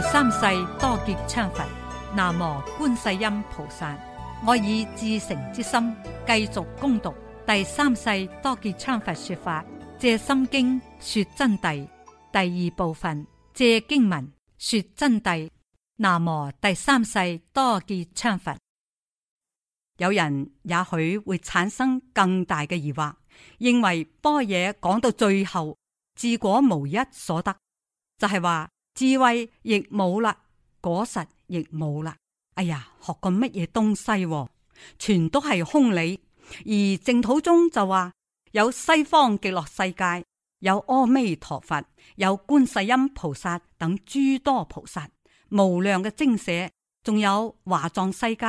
第三世多杰羌佛，南無觀世音菩薩。我以至誠之心繼續恭讀第三世多杰羌佛說法，藉心經說真諦第二部分，藉經文說真諦。南無第三世多杰羌佛。有人也許會產生更大嘅疑惑，認為般若講到最後，自果無一所得，就係、是、話。智慧亦冇啦，果實亦冇啦。哎呀，學過乜嘢東西？啊，全都係空理。而淨土中就話有西方極樂世界，有阿彌陀佛，有觀世音菩薩等諸多菩薩，無量嘅精舍，仲有華藏世界、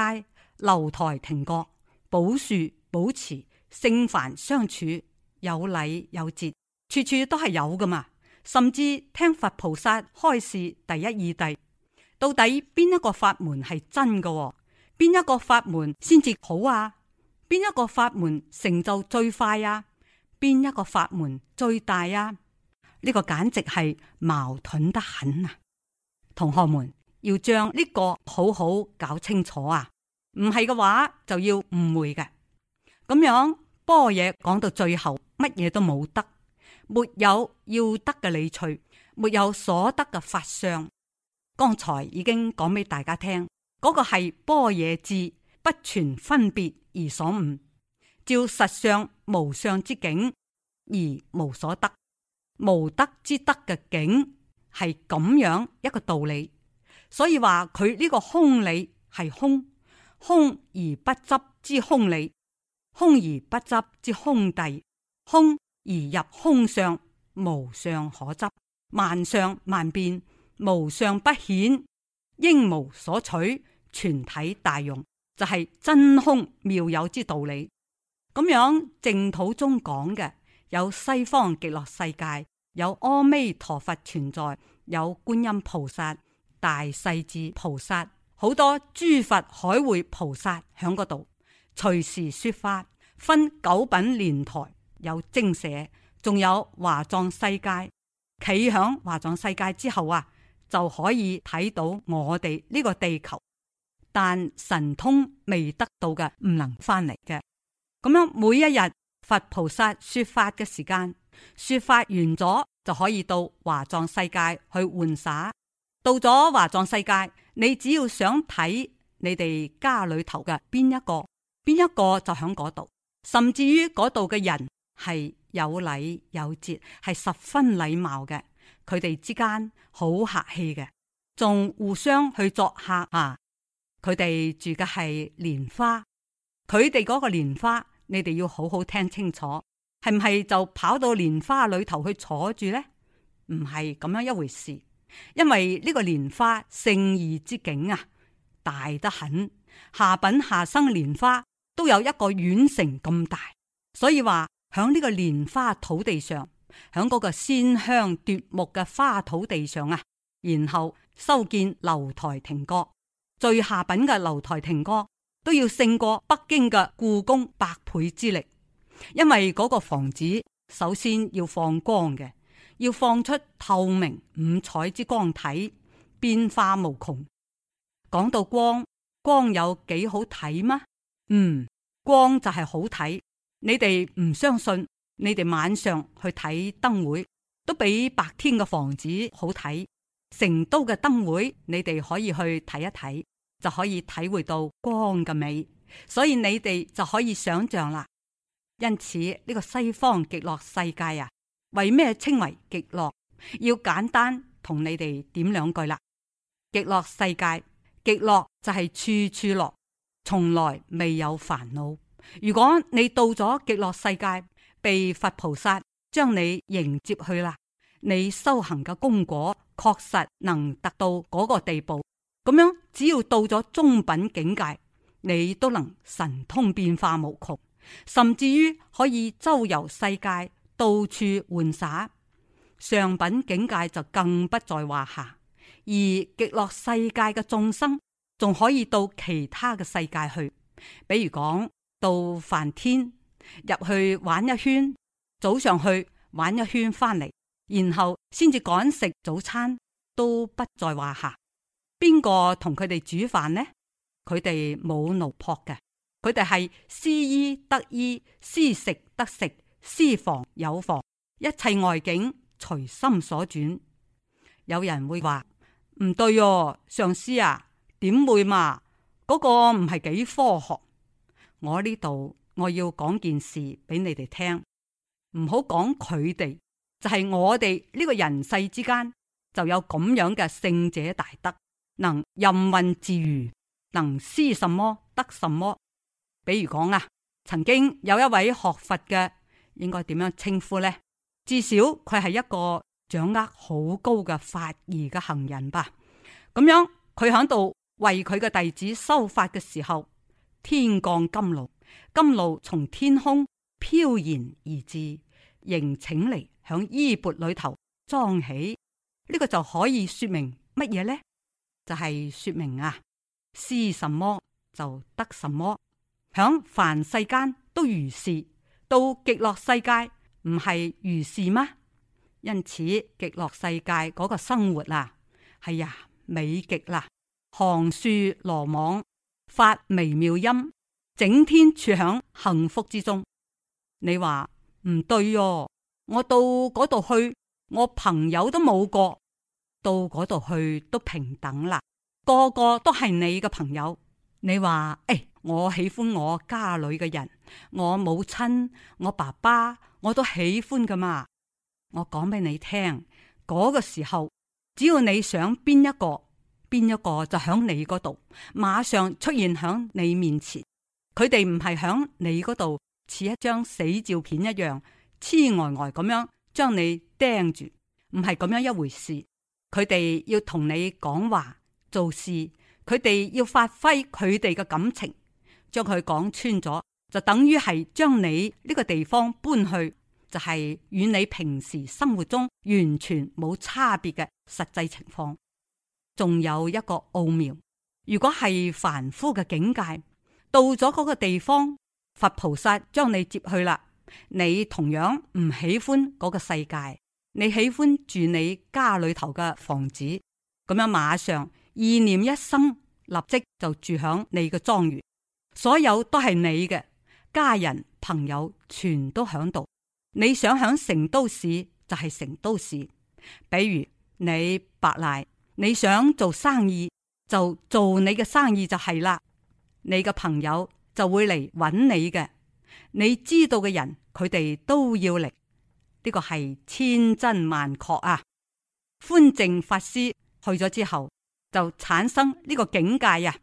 樓台亭閣、寶樹寶池，聖凡相處有禮有節，處處都係有噶嘛。甚至聽佛菩薩開示第一義諦，到底邊一個法門係真嘅？邊一個法門先至好啊？邊一個法門成就最快呀、啊？邊一個法門最大呀、啊？呢、這個簡直係矛盾得很啊！同學們要將呢個好好搞清楚啊！唔係嘅話就要誤會嘅。咁樣般若講到最後，乜嘢都冇得。沒有要得嘅理趣，沒有所得嘅法相。剛才已經講俾大家聽，嗰、那個係般若智不存分別而所悟，照實相無相之境而無所得，無得之得嘅境係咁樣一個道理。所以話佢呢個空理係空，空而不執之空理，空而不執之空諦，空。而入空相，無相可執，萬相萬變，無相不顯，應無所取，全體大用，就係、是、真空妙有之道理。咁樣淨土中講嘅有西方極樂世界，有阿彌陀佛存在，有觀音菩薩、大勢至菩薩，好多諸佛海會菩薩響嗰度隨時說法，分九品蓮台。有精舍，仲有華藏世界。企響華藏世界之後啊，就可以睇到我哋呢個地球。但神通未得到嘅唔能返嚟嘅。咁樣每一日佛菩薩說法嘅時間，說法完咗就可以到華藏世界去玩耍。到咗華藏世界，你只要想睇你哋家裏頭嘅邊一個，邊一個就響嗰度，甚至於嗰度嘅人。係有禮有節，係十分禮貌嘅。佢哋之間好客氣嘅，仲互相去作客啊。佢哋住嘅係蓮花，佢哋嗰個蓮花，你哋要好好聽清楚，係唔係就跑到蓮花裏頭去坐住呢？唔係咁樣一回事，因為呢個蓮花聖意之境啊，大得很。下品下生蓮花都有一個縣城咁大，所以話。喺呢個蓮花土地上，喺嗰個鮮香奪目嘅花土地上啊，然後修建樓台亭閣，最下品嘅樓台亭閣都要勝過北京嘅故宮百倍之力，因為嗰個房子首先要放光嘅，要放出透明五彩之光體，變化無窮。講到光，光有幾好睇嗎？嗯，光就係好睇。你哋唔相信，你哋晚上去睇燈會，都比白天嘅房子好睇。成都嘅燈會，你哋可以去睇一睇，就可以體會到光嘅美。所以你哋就可以想象啦。因此呢個西方極樂世界啊，為咩稱為極樂？要簡單同你哋點兩句啦。極樂世界，極樂就係處處樂，從來未有煩惱。如果你到咗極樂世界，被佛菩薩將你迎接去啦，你修行嘅功果確實能達到嗰個地步。咁樣只要到咗中品境界，你都能神通變化無窮，甚至於可以周遊世界，到處玩耍。上品境界就更不在話下，而極樂世界嘅眾生仲可以到其他嘅世界去，比如講。到梵天入去玩一圈，早上去玩一圈翻嚟，然後先至趕食早餐，都不在話下。邊個同佢哋煮飯呢？佢哋冇奴僕嘅，佢哋係思衣得衣，思食得食，思房有房，一切外境隨心所轉。有人會話唔對哦，上司啊，點會嘛？嗰個唔係幾科學。我呢度我要講件事俾你哋聽，唔好講佢哋，就係我哋呢個人世之間就有咁樣嘅聖者大德，能任運自如，能施什麼得什麼。比如講啊，曾經有一位學佛嘅，應該點樣稱呼呢？至少佢係一個掌握好高嘅法義嘅行人吧。咁樣佢喺度為佢嘅弟子修法嘅時候。天降甘露，甘露從天空飄然而至，迎請嚟響衣缽裏頭裝起。呢、這個就可以說明乜嘢呢？就係、是、說明啊，思什麼就得什麼。響凡世間都如是，到極樂世界唔係如是嗎？因此極樂世界嗰個生活啊，係呀美極啦、啊，行樹羅網。發微妙音，整天處響幸福之中。你話唔對哦，我到嗰度去，我朋友都冇過，到嗰度去都平等啦，個個都係你嘅朋友。你話誒、哎，我喜歡我家裏嘅人，我母親、我爸爸，我都喜歡噶嘛。我講俾你聽，嗰、那個時候，只要你想邊一個。邊一個就響你嗰度，馬上出現響你面前。佢哋唔係響你嗰度似一張死照片一樣，痴呆呆咁樣將你盯住，唔係咁樣一回事。佢哋要同你講話、做事，佢哋要發揮佢哋嘅感情，將佢講穿咗，就等於係將你呢個地方搬去，就係、是、與你平時生活中完全冇差別嘅實際情況。仲有一個奧妙，如果係凡夫嘅境界，到咗嗰個地方，佛菩薩將你接去啦。你同樣唔喜歡嗰個世界，你喜歡住你家裏頭嘅房子，咁樣馬上意念一生，立即就住響你嘅莊園，所有都係你嘅家人朋友，全都喺度。你想響成都市就係、是、成都市，比如你白賴。你想做生意就做你嘅生意就係啦，你嘅朋友就會嚟揾你嘅，你知道嘅人佢哋都要嚟，呢個係千真萬確啊！寬正法師去咗之後就產生呢個境界啊！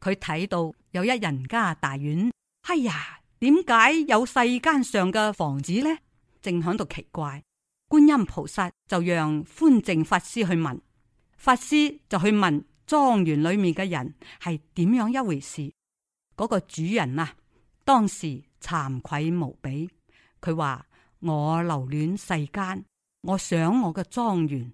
佢睇到有一人家大院，哎呀，點解有世間上嘅房子呢？正喺度奇怪，觀音菩薩就讓寬正法師去問。法師就去問莊園裏面嘅人係點樣一回事？嗰個主人啊，當時慚愧無比。佢話我留戀世間，我想我嘅莊園，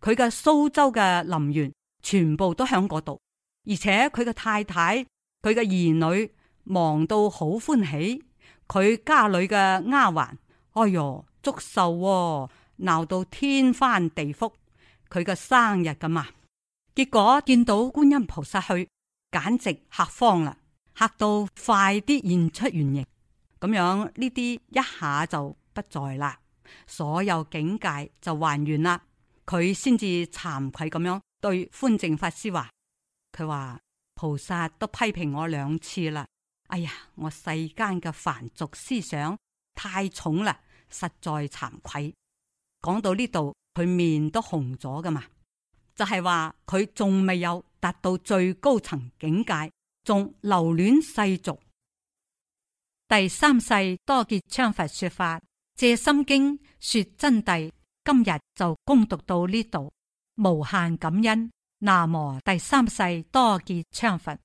佢嘅蘇州嘅林園全部都喺嗰度，而且佢嘅太太、佢嘅兒女忙到好歡喜，佢家裏嘅丫鬟，哎呦祝壽鬧到天翻地覆。佢個生日噶嘛？結果見到觀音菩薩去，簡直嚇慌啦！嚇到快啲現出原形咁樣，呢啲一下就不在啦，所有境界就還原啦。佢先至慚愧咁樣對寬正法師話：佢話菩薩都批評我兩次啦。哎呀，我世間嘅凡俗思想太重啦，實在慚愧。講到呢度。佢面都紅咗㗎嘛？就係話佢仲未有達到最高層境界，仲留戀世俗。第三世多杰羌佛說法，借心經說真諦。今日就恭讀到呢度，無限感恩。南無第三世多杰羌佛。